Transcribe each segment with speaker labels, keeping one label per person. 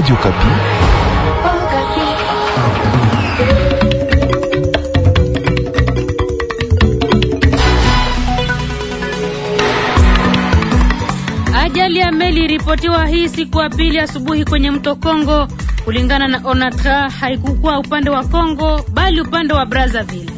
Speaker 1: Radio Kapi. Ajali ya meli iripotiwa hii siku ya pili asubuhi kwenye mto Kongo. Kulingana na Onatra, haikukuwa upande wa Kongo bali upande wa Brazzaville.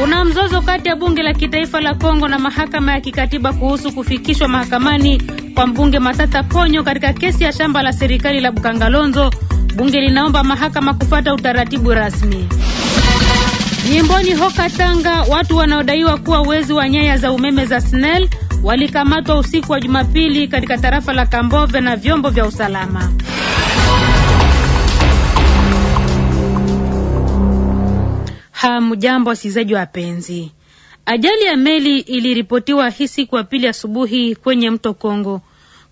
Speaker 1: Kuna mzozo kati ya bunge la kitaifa la Kongo na mahakama ya kikatiba kuhusu kufikishwa mahakamani kwa mbunge Matata Ponyo katika kesi ya shamba la serikali la Bukangalonzo. Bunge linaomba mahakama kufata utaratibu rasmi. Jimboni Hoka Tanga, watu wanaodaiwa kuwa wezi wa nyaya za umeme za SNEL walikamatwa usiku wa Jumapili katika tarafa la Kambove na vyombo vya usalama. Hamjambo wasikilizaji wapenzi. Ajali ya meli iliripotiwa hii siku ya pili asubuhi kwenye mto Kongo.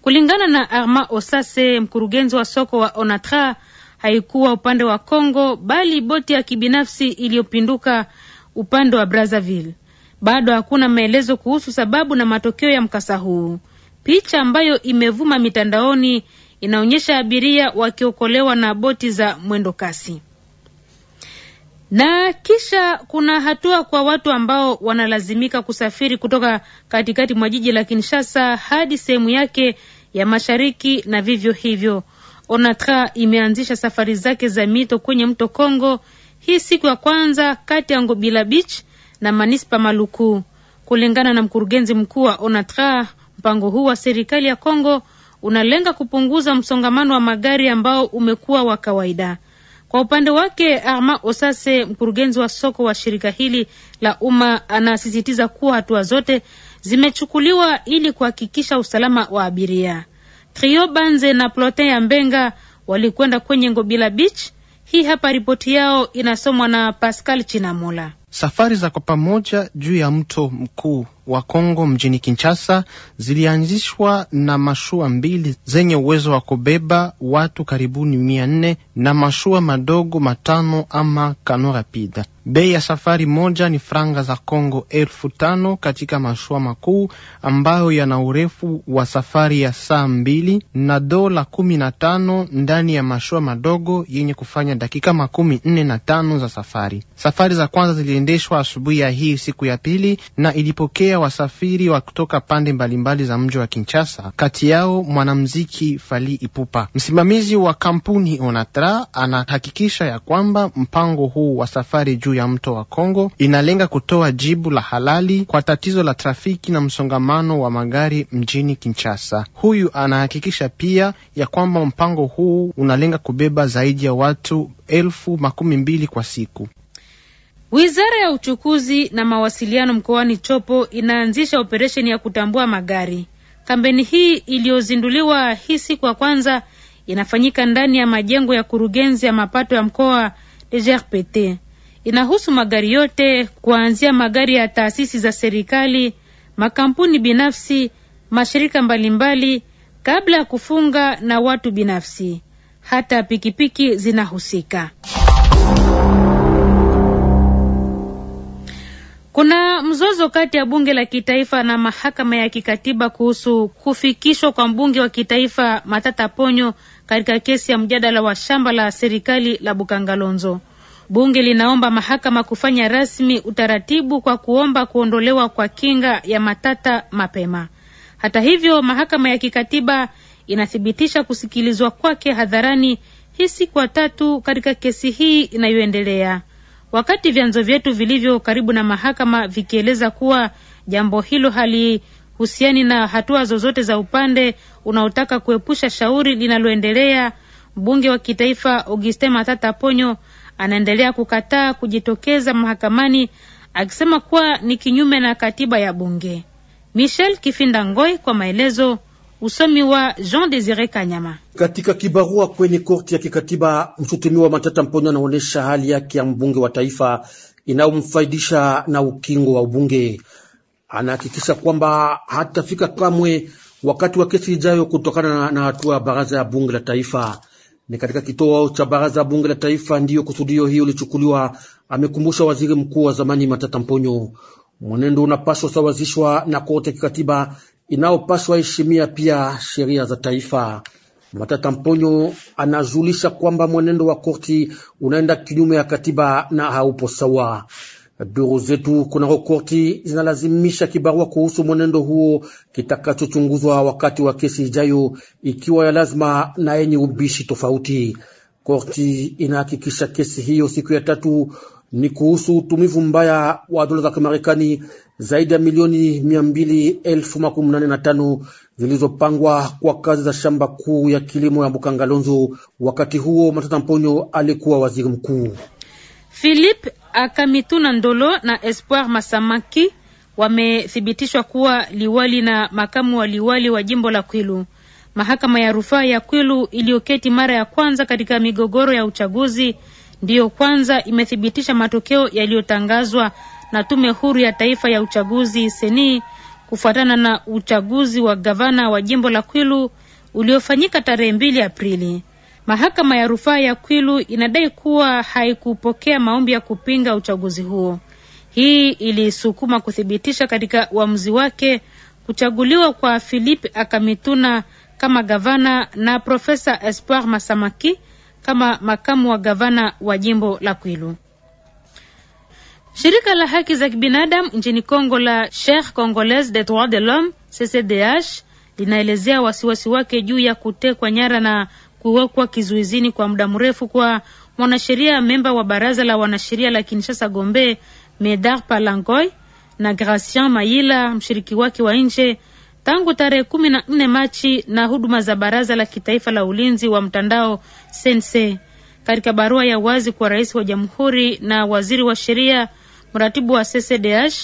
Speaker 1: Kulingana na Arma Osase, mkurugenzi wa soko wa Onatra, haikuwa upande wa Kongo bali boti ya kibinafsi iliyopinduka upande wa Brazzaville. Bado hakuna maelezo kuhusu sababu na matokeo ya mkasa huu. Picha ambayo imevuma mitandaoni inaonyesha abiria wakiokolewa na boti za mwendo kasi. Na kisha kuna hatua kwa watu ambao wanalazimika kusafiri kutoka katikati mwa jiji la Kinshasa hadi sehemu yake ya mashariki na vivyo hivyo. Onatra imeanzisha safari zake za mito kwenye mto Kongo hii siku ya kwanza kati ya Ngobila Beach na Manispa Maluku. Kulingana na mkurugenzi mkuu wa Onatra, mpango huu wa serikali ya Kongo unalenga kupunguza msongamano wa magari ambao umekuwa wa kawaida. Kwa upande wake Arma Osase, mkurugenzi wa soko wa shirika hili la umma, anasisitiza kuwa hatua zote zimechukuliwa ili kuhakikisha usalama wa abiria. Trio Banze na Plotin ya Mbenga walikwenda kwenye Ngobila Beach. Hii hapa ripoti yao inasomwa na Pascal chinamula
Speaker 2: Safari za kwa pamoja juu ya mto mkuu wa Kongo mjini Kinshasa zilianzishwa na mashua mbili zenye uwezo wa kubeba watu karibuni mia nne na mashua madogo matano ama kano rapida. Bei ya safari moja ni franga za Kongo elfu tano katika mashua makuu ambayo yana urefu wa safari ya saa mbili na dola kumi na tano ndani ya mashua madogo yenye kufanya dakika makumi nne na tano za safari. Safari za kwanza ziliendeshwa asubuhi ya hii siku ya pili na ilipokea kupokea wasafiri wa kutoka pande mbalimbali za mji wa Kinshasa, kati yao mwanamuziki fali Ipupa. Msimamizi wa kampuni Onatra anahakikisha ya kwamba mpango huu wa safari juu ya mto wa Kongo inalenga kutoa jibu la halali kwa tatizo la trafiki na msongamano wa magari mjini Kinshasa. Huyu anahakikisha pia ya kwamba mpango huu unalenga kubeba zaidi ya watu elfu makumi mbili kwa siku.
Speaker 1: Wizara ya uchukuzi na mawasiliano mkoani Chopo inaanzisha operesheni ya kutambua magari. Kampeni hii iliyozinduliwa hii siku ya kwanza inafanyika ndani ya majengo ya kurugenzi ya mapato ya mkoa DGRPT. Inahusu magari yote kuanzia magari ya taasisi za serikali, makampuni binafsi, mashirika mbalimbali kabla ya kufunga na watu binafsi. Hata pikipiki zinahusika. Kuna mzozo kati ya bunge la kitaifa na mahakama ya kikatiba kuhusu kufikishwa kwa mbunge wa kitaifa Matata Ponyo katika kesi ya mjadala wa shamba la serikali la Bukangalonzo. Bunge linaomba mahakama kufanya rasmi utaratibu kwa kuomba kuondolewa kwa kinga ya Matata mapema. Hata hivyo, mahakama ya kikatiba inathibitisha kusikilizwa kwake hadharani hii siku ya tatu katika kesi hii inayoendelea wakati vyanzo vyetu vilivyo karibu na mahakama vikieleza kuwa jambo hilo halihusiani na hatua zozote za upande unaotaka kuepusha shauri linaloendelea. Mbunge wa kitaifa Auguste Matata Ponyo anaendelea kukataa kujitokeza mahakamani akisema kuwa ni kinyume na katiba ya bunge. Michel Kifinda Ngoi kwa maelezo Usomi wa Jean Desire Kanyama.
Speaker 3: Katika kibarua kwenye korti ya kikatiba, mshutumiwa Matata Mponyo anaonyesha hali yake ya mbunge wa taifa inayomfaidisha na ukingo wa ubunge. Anahakikisha kwamba hatafika kamwe wakati wa kesi ijayo kutokana na hatua ya baraza ya bunge la taifa. Ni katika kituo cha baraza ya bunge la taifa ndiyo kusudio hiyo ilichukuliwa, amekumbusha waziri mkuu wa zamani Matata Mponyo. Mwenendo unapaswa sawazishwa na korti ya kikatiba inayopaswa heshimia pia sheria za taifa. Matata Mponyo anajulisha kwamba mwenendo wa korti unaenda kinyume ya katiba na haupo sawa. Duru zetu kunako korti zinalazimisha kibarua kuhusu mwenendo huo kitakachochunguzwa wakati wa kesi ijayo, ikiwa ya lazima na yenye ubishi tofauti. Korti inahakikisha kesi hiyo siku ya tatu ni kuhusu utumivu mbaya wa dola za Kimarekani zaidi ya milioni mia mbili elfu makumi nane na tano zilizopangwa kwa kazi za shamba kuu ya kilimo ya Bukangalonzo. Wakati huo Matata Mponyo alikuwa waziri mkuu.
Speaker 1: Philip Akamituna Ndolo na Espoir Masamaki wamethibitishwa kuwa liwali na makamu wa liwali wa jimbo la Kwilu. Mahakama ya rufaa ya Kwilu iliyoketi mara ya kwanza katika migogoro ya uchaguzi ndiyo kwanza imethibitisha matokeo yaliyotangazwa na Tume Huru ya Taifa ya Uchaguzi seni kufuatana na uchaguzi wa gavana wa jimbo la Kwilu uliofanyika tarehe mbili Aprili. Mahakama ya rufaa ya Kwilu inadai kuwa haikupokea maombi ya kupinga uchaguzi huo. Hii ilisukuma kuthibitisha katika uamuzi wake kuchaguliwa kwa Philippe Akamituna kama gavana na Profesa Espoir Masamaki kama makamu wa gavana wa jimbo la Kwilu. Shirika la haki za kibinadamu nchini Kongo la cher Congolaise des Droits de l'Homme CCDH linaelezea wasiwasi wake juu ya kutekwa nyara na kuwekwa kizuizini kwa muda mrefu kwa mwanasheria memba wa baraza la wanasheria la Kinshasa Gombe Medar Palangoy na Gracien Mayila mshiriki wake wa nje Tangu tarehe kumi na nne Machi na huduma za Baraza la Kitaifa la Ulinzi wa Mtandao Sense katika barua ya wazi kwa rais wa jamhuri na waziri wa sheria, mratibu wa CCDH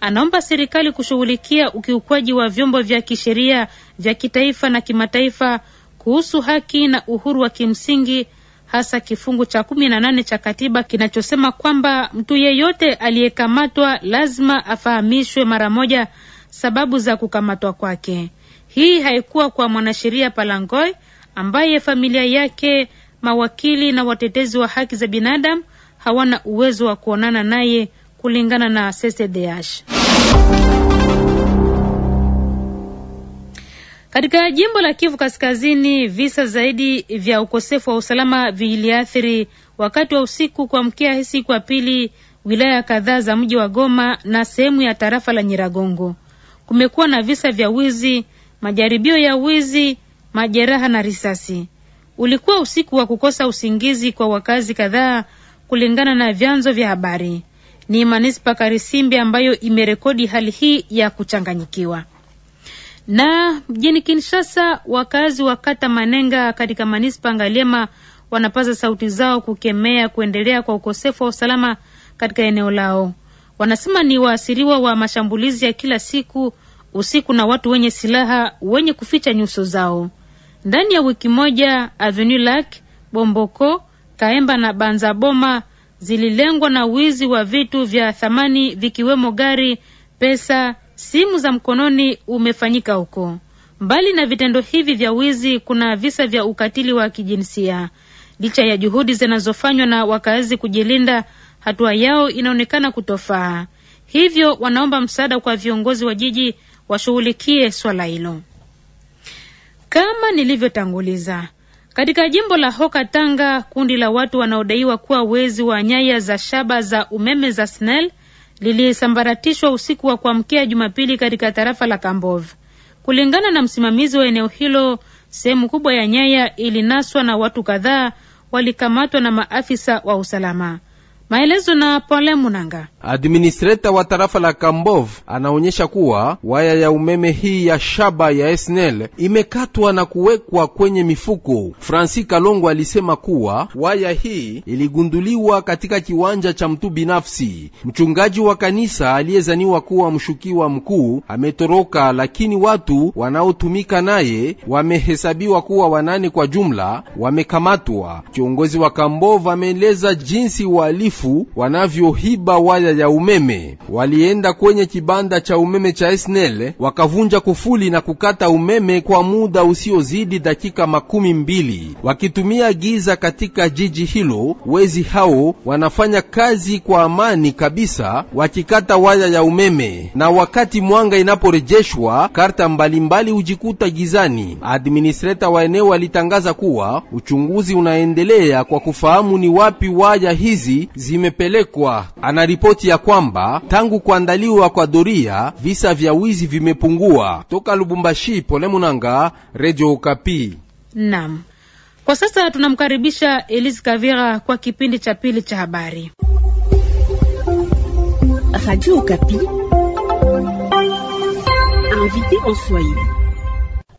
Speaker 1: anaomba serikali kushughulikia ukiukwaji wa vyombo vya kisheria vya kitaifa na kimataifa kuhusu haki na uhuru wa kimsingi, hasa kifungu cha kumi na nane cha katiba kinachosema kwamba mtu yeyote aliyekamatwa lazima afahamishwe mara moja sababu za kukamatwa kwake. Hii haikuwa kwa mwanasheria Palangoi ambaye familia yake, mawakili na watetezi wa haki za binadamu hawana uwezo wa kuonana naye kulingana na CCDH. Katika jimbo la Kivu Kaskazini, visa zaidi vya ukosefu wa usalama viliathiri wakati wa usiku kuamkia siku ya pili wilaya kadhaa za mji wa Goma na sehemu ya tarafa la Nyiragongo kumekuwa na visa vya wizi, majaribio ya wizi, majeraha na risasi. Ulikuwa usiku wa kukosa usingizi kwa wakazi kadhaa, kulingana na vyanzo vya habari. Ni manispa Karisimbi ambayo imerekodi hali hii ya kuchanganyikiwa. Na mjini Kinshasa, wakazi wa kata Manenga katika manispa Ngaliema wanapaza sauti zao kukemea kuendelea kwa ukosefu wa usalama katika eneo lao wanasema ni waasiriwa wa mashambulizi ya kila siku usiku na watu wenye silaha wenye kuficha nyuso zao. Ndani ya wiki moja, Avenue Lac, Bomboko, Kaemba na Banza Boma zililengwa na wizi wa vitu vya thamani vikiwemo gari, pesa, simu za mkononi umefanyika huko. Mbali na vitendo hivi vya wizi, kuna visa vya ukatili wa kijinsia. Licha ya juhudi zinazofanywa na wakazi kujilinda, hatua yao inaonekana kutofaa, hivyo wanaomba msaada kwa viongozi wa jiji washughulikie swala hilo. Kama nilivyotanguliza, katika jimbo la Hoka Tanga, kundi la watu wanaodaiwa kuwa wezi wa nyaya za shaba za umeme za SNEL lilisambaratishwa usiku wa kuamkia Jumapili katika tarafa la Kambov. Kulingana na msimamizi wa eneo hilo, sehemu kubwa ya nyaya ilinaswa na watu kadhaa walikamatwa na maafisa wa usalama. Maelezo na Pole Munanga.
Speaker 4: Administrator wa tarafa la Kambov anaonyesha kuwa waya ya umeme hii ya shaba ya SNEL imekatwa na kuwekwa kwenye mifuko. Francis Kalongo alisema kuwa waya hii iligunduliwa katika kiwanja cha mtu binafsi. Mchungaji wa kanisa aliyezaniwa kuwa mshukiwa mkuu ametoroka, lakini watu wanaotumika naye wamehesabiwa kuwa wanane kwa jumla, wamekamatwa. Kiongozi wa Kambov ameeleza jinsi wahalifu uharibifu wanavyohiba waya ya umeme. Walienda kwenye kibanda cha umeme cha Esnel wakavunja kufuli na kukata umeme kwa muda usiozidi dakika makumi mbili, wakitumia giza katika jiji hilo. Wezi hao wanafanya kazi kwa amani kabisa, wakikata waya ya umeme, na wakati mwanga inaporejeshwa karta mbalimbali hujikuta gizani. Administreta wa eneo alitangaza kuwa uchunguzi unaendelea kwa kufahamu ni wapi waya hizi zimepelekwa. Anaripoti ya kwamba tangu kuandaliwa kwa doria visa vya wizi vimepungua. Toka Lubumbashi, Pole Munanga, Radio Okapi.
Speaker 1: Naam, kwa sasa tunamkaribisha Elise Kavira kwa kipindi cha pili cha habari.
Speaker 5: Radio Okapi. Invité en Swahili.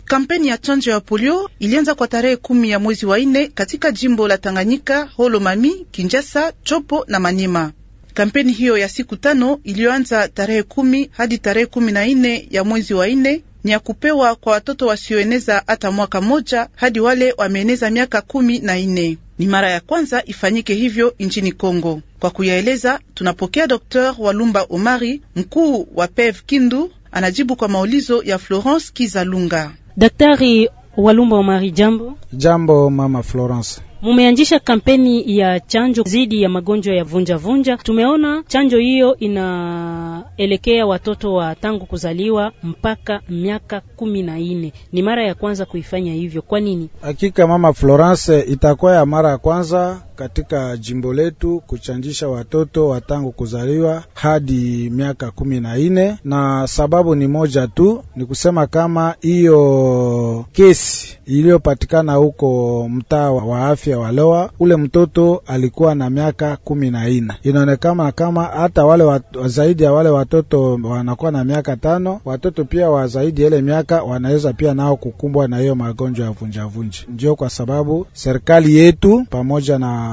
Speaker 5: Kampeni ya chanjo ya polio ilianza kwa tarehe kumi ya mwezi wa nne katika jimbo la Tanganyika, Holomami, Kinjasa, Chopo na Manyema. Kampeni hiyo ya siku tano iliyoanza tarehe kumi hadi tarehe kumi na nne ya mwezi wa nne ni ya kupewa kwa watoto wasioeneza hata mwaka moja hadi wale wameeneza miaka kumi na nne. Ni mara ya kwanza ifanyike hivyo nchini Kongo. Kwa kuyaeleza, tunapokea Dr. Walumba Omari, mkuu wa PEV Kindu, anajibu kwa maulizo ya Florence Kizalunga.
Speaker 6: Daktari Walumba Omari, jambo.
Speaker 7: Jambo mama Florence.
Speaker 6: Mumeanzisha kampeni ya chanjo dhidi ya magonjwa ya vunja vunja. Tumeona chanjo hiyo inaelekea watoto wa tangu kuzaliwa mpaka miaka kumi na nne. Ni mara ya kwanza kuifanya hivyo, kwa nini?
Speaker 7: Hakika mama Florence, itakuwa ya mara ya kwanza katika jimbo letu kuchanjisha watoto watangu kuzaliwa hadi miaka kumi na ine, na sababu ni moja tu, ni kusema kama hiyo kesi iliyopatikana huko mtaa wa afya wa Loa, ule mtoto alikuwa na miaka kumi na ine. Inaonekana kama hata wale wa zaidi ya wale watoto wanakuwa na miaka tano, watoto pia wa zaidi ya ile miaka wanaweza pia nao kukumbwa na hiyo magonjwa ya vunjavunji. Ndio kwa sababu serikali yetu pamoja na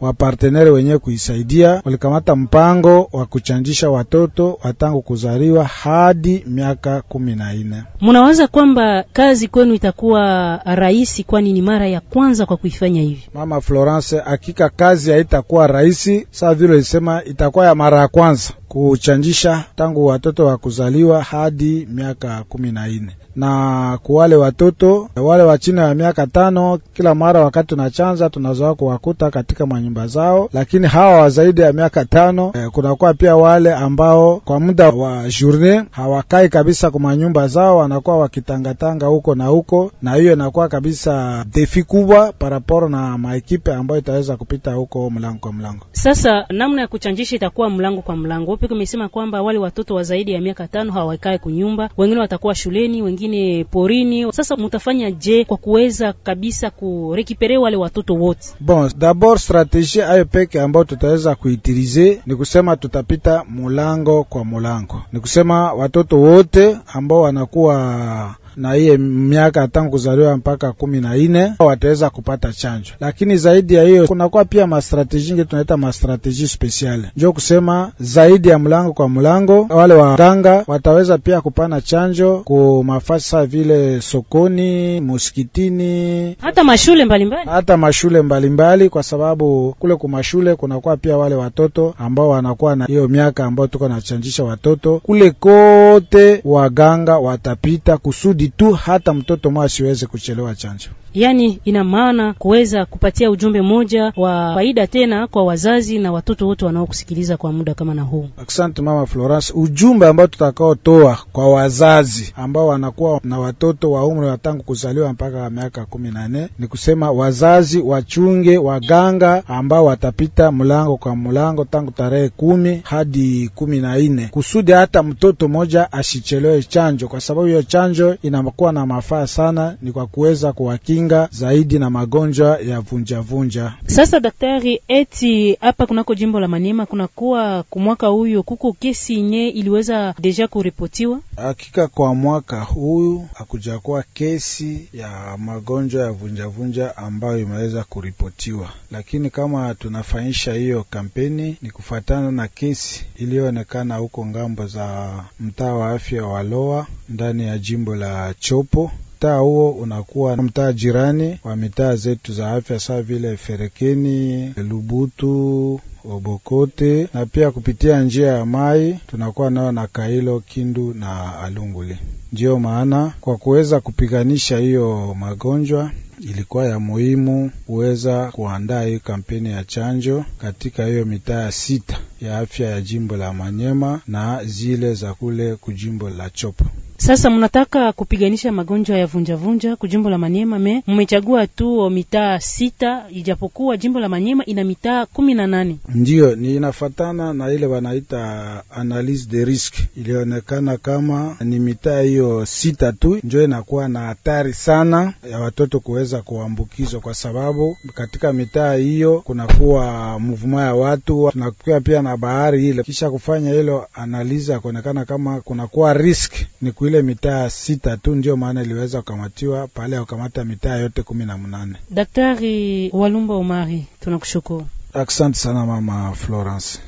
Speaker 7: waparteneri wenyewe kuisaidia. Walikamata mpango wa kuchanjisha watoto watangu kuzaliwa hadi miaka kumi na nne.
Speaker 6: Mnawaza kwamba kazi kwenu itakuwa rahisi, kwani ni mara ya kwanza kwa kuifanya hivi?
Speaker 7: Mama Florence, hakika kazi haitakuwa rahisi, saa vile ulisema itakuwa ya mara ya kwanza kuchanjisha tangu watoto wa kuzaliwa hadi miaka kumi na nne na kuwale wale watoto wale wa chini ya miaka tano, kila mara wakati tunachanza tunazoa kuwakuta katika manyumba zao, lakini hawa wa zaidi ya miaka tano eh, kunakuwa pia wale ambao kwa muda wa journee hawakai kabisa kwa manyumba zao, wanakuwa wakitangatanga huko na huko, na hiyo inakuwa kabisa defi kubwa paraporo na maekipe ambayo itaweza kupita huko mlango kwa mlango.
Speaker 6: Sasa namna ya kuchanjisha itakuwa mlango kwa mlango. Upi kumesema kwamba wale watoto wa zaidi ya miaka tano hawakai kunyumba, wengine watakuwa shuleni, wengine wengine porini. Sasa mutafanya je kwa kuweza kabisa kurekipere wale watoto wote?
Speaker 7: Bon, d'abord strategie ayo peke ambayo tutaweza kuitilize ni kusema tutapita mulango kwa mulango, ni kusema watoto wote ambao wanakuwa na hiye miaka tangu kuzaliwa mpaka kumi na ine wataweza kupata chanjo. Lakini zaidi ya hiyo kunakuwa pia mastrateji ngi tunaita mastrateji spesiale, njo kusema zaidi ya mlango kwa mlango, wale waganga wataweza pia kupana chanjo ku mafasa vile sokoni, mosikitini hata mashule mbalimbali hata mashule mbalimbali mbali, kwa sababu kule mashule kunakuwa pia wale watoto ambao wanakuwa na hiyo miaka ambao tuko nachanjisha watoto kule kote, waganga watapita kusudi kusudi tu hata mtoto mwa asiweze kuchelewa chanjo.
Speaker 6: Yani ina maana kuweza kupatia ujumbe mmoja wa faida tena kwa wazazi na watoto
Speaker 7: wote wanaokusikiliza kwa muda kama na huu. Asante mama Florence, ujumbe ambao tutakaotoa kwa wazazi ambao wanakuwa na watoto wa umri wa tangu kuzaliwa mpaka miaka kumi na nne ni kusema wazazi wachunge waganga ambao watapita mlango kwa mlango tangu tarehe kumi hadi kumi na nne kusudi hata mtoto mmoja asichelewe chanjo, kwa sababu hiyo chanjo inakuwa na mafaa sana, ni kwa kuweza kuwakinga kujikinga zaidi na magonjwa ya vunjavunja.
Speaker 6: Sasa daktari, eti hapa kunako jimbo la Maniema kunakuwa kumwaka huyu kuko kesi nye iliweza deja kuripotiwa?
Speaker 7: Hakika kwa mwaka huyu hakujakuwa kesi ya magonjwa ya vunjavunja ambayo imeweza kuripotiwa, lakini kama tunafanyisha hiyo kampeni ni kufuatana na kesi iliyoonekana huko ngambo za mtaa wa afya wa Loa ndani ya jimbo la Chopo mtaa huo unakuwa mtaa jirani wa mitaa zetu za afya saa vile Ferekeni, Lubutu, Obokote na pia kupitia njia ya Mai tunakuwa nayo na Kailo, Kindu na Alunguli. Ndiyo maana kwa kuweza kupiganisha hiyo magonjwa ilikuwa ya muhimu kuweza kuandaa hiyo kampeni ya chanjo katika hiyo mitaa sita ya afya ya jimbo la Manyema na zile za kule kujimbo la Chopo.
Speaker 6: Sasa mnataka kupiganisha magonjwa ya vunjavunja kujimbo la Manyema, me mmechagua tu mitaa sita, ijapokuwa jimbo la Manyema ina mitaa kumi na nane.
Speaker 7: Ndiyo ni inafatana na ile wanaita analyse de risque, ilionekana kama ni mitaa hiyo sita tu njo inakuwa na hatari sana ya watoto kuweza kuambukizwa, kwa sababu katika mitaa hiyo kunakuwa mvuma ya watu, tunakuwa pia na bahari ile. Kisha kufanya hilo analiza, yakuonekana kama kunakuwa risk ni ile mitaa sita tu ndio maana iliweza kukamatiwa, pale wakamata mitaa yote kumi na mnane.
Speaker 6: Daktari Walumba Omari, tunakushukuru.
Speaker 7: Asante sana mama Florence.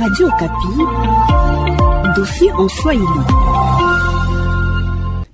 Speaker 5: Radio Kapi, dofi en Swahili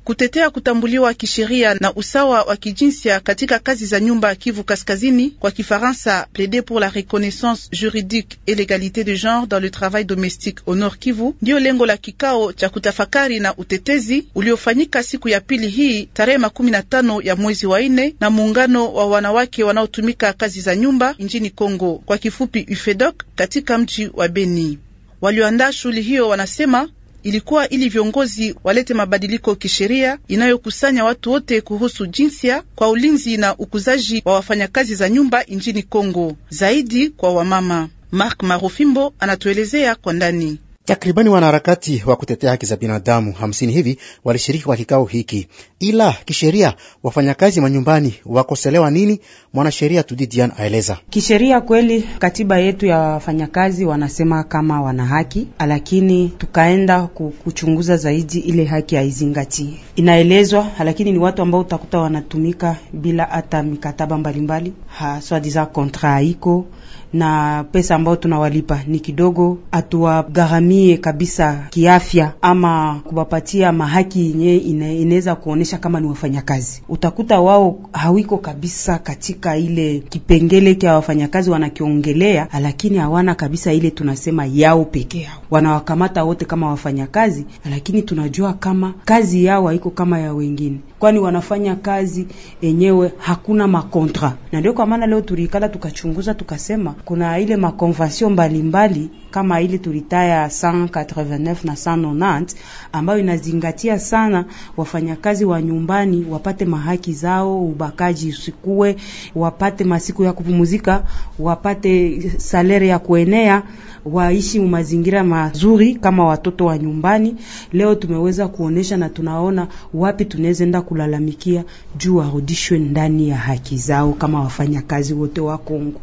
Speaker 5: kutetea kutambuliwa kisheria na usawa wa kijinsia katika kazi za nyumba Kivu Kaskazini, kwa Kifaransa plede pour la reconnaissance juridique et l'égalité de genre dans le travail domestique au Nord Kivu, ndiyo lengo la kikao cha kutafakari na utetezi uliofanyika siku ya pili hii tarehe makumi na tano ya mwezi wa nne na muungano wa wanawake wanaotumika kazi za nyumba nchini congo kwa kifupi UFEDOC, katika mji wa Beni. Walioandaa shughuli hiyo wanasema ilikuwa ili viongozi walete mabadiliko kisheria inayokusanya watu wote kuhusu jinsia kwa ulinzi na ukuzaji wa wafanyakazi za nyumba nchini Kongo, zaidi kwa wamama. Mark Marofimbo anatuelezea kwa ndani.
Speaker 8: Takribani wanaharakati wa kutetea haki za binadamu hamsini hivi walishiriki kwa kikao hiki. Ila kisheria wafanyakazi manyumbani wakoselewa nini? Mwanasheria Tudidian aeleza.
Speaker 9: Kisheria kweli, katiba yetu ya wafanyakazi wanasema kama wana haki, lakini tukaenda kuchunguza zaidi, ile haki haizingatii, inaelezwa, lakini ni watu ambao utakuta wanatumika bila hata mikataba mbalimbali, haswa diza kontra haiko na pesa ambayo tunawalipa ni kidogo, hatuwagharamie kabisa kiafya ama kuwapatia mahaki yenye inaweza kuonesha kama ni wafanyakazi. Utakuta wao hawiko kabisa katika ile kipengele cha wafanyakazi wanakiongelea, lakini hawana kabisa ile tunasema yao peke yao, wanawakamata wote kama wafanyakazi, lakini tunajua kama kazi yao haiko kama ya wengine kwani wanafanya kazi enyewe, hakuna makontra. Na ndio kwa maana leo tulikala tukachunguza, tukasema kuna ile makonvensio mbalimbali kama ile tulitaya 189 na 190 ambayo inazingatia sana wafanyakazi wa nyumbani wapate mahaki zao, ubakaji usikue, wapate masiku ya kupumzika, wapate salere ya kuenea, waishi mazingira mazuri kama watoto wa nyumbani. Leo tumeweza kuonesha na tunaona wapi tunaweza enda kulalamikia juu warudishwe ndani ya haki zao kama wafanyakazi wote wa Kongo.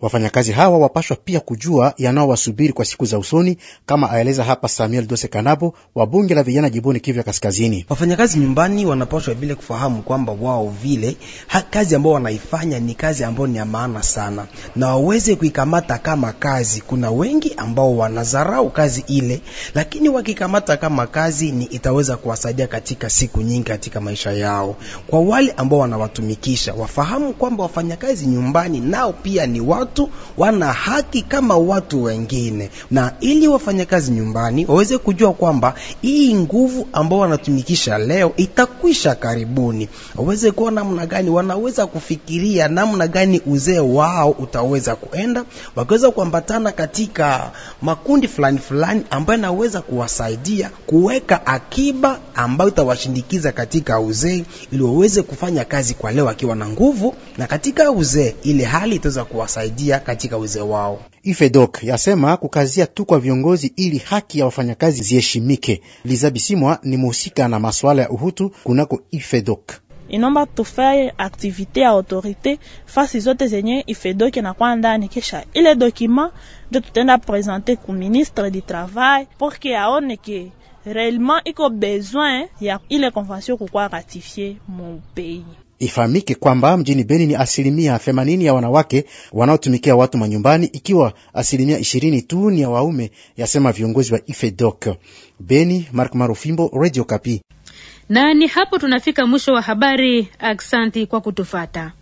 Speaker 8: Wafanyakazi hawa wapashwa pia kujua yanaowasubiri kwa siku za usoni, kama aeleza hapa Samuel Dose Kanabo wa bunge la vijana jiboni Kivya Kaskazini. Wafanyakazi nyumbani
Speaker 10: wanapashwa vile kufahamu kwamba wao vile kazi ambao wanaifanya ni kazi ambayo ni ya maana sana, na waweze kuikamata kama kazi. Kuna wengi ambao wanazarau kazi ile, lakini wakikamata kama kazi ni itaweza kuwasaidia katika siku nyingi katika maisha yao. Kwa wale ambao wanawatumikisha wafahamu kwamba wafanyakazi nyumbani nao pia ni ni watu wana haki kama watu wengine, na ili wafanyakazi nyumbani waweze kujua kwamba hii nguvu ambao wanatumikisha leo itakwisha karibuni, waweze kuwa namna gani wanaweza kufikiria namna gani uzee wao utaweza kuenda, wakiweza kuambatana katika makundi fulani fulani ambayo yanaweza kuwasaidia kuweka akiba ambayo itawashindikiza katika uzee, ili waweze kufanya kazi kwa leo akiwa na nguvu, na katika uzee ile hali itaweza kuwa kuwasaidia katika weze wao.
Speaker 8: Ifedok yasema kukazia tu kwa viongozi ili haki ya wafanyakazi ziheshimike. bisimwa ni muhusika na masuala ya uhutu kunako Ifedok.
Speaker 6: Inomba tufaye aktivite ya autorite fasi zote zenye Ifedok inakwa ndani, kisha ile dokima ndo tutenda presente ku ministre du travail porke aone ke reellement iko besoin ya ile convention kukwa ratifie mu pays
Speaker 8: Ifahamike kwamba mjini Beni ni asilimia 80 ya wanawake wanaotumikia watu manyumbani, ikiwa asilimia 20 tu ni ya waume, yasema viongozi wa IFEDOC Beni. Mark Marufimbo, Radio Kapi.
Speaker 1: Na ni hapo tunafika mwisho wa habari. Aksanti kwa kutufata.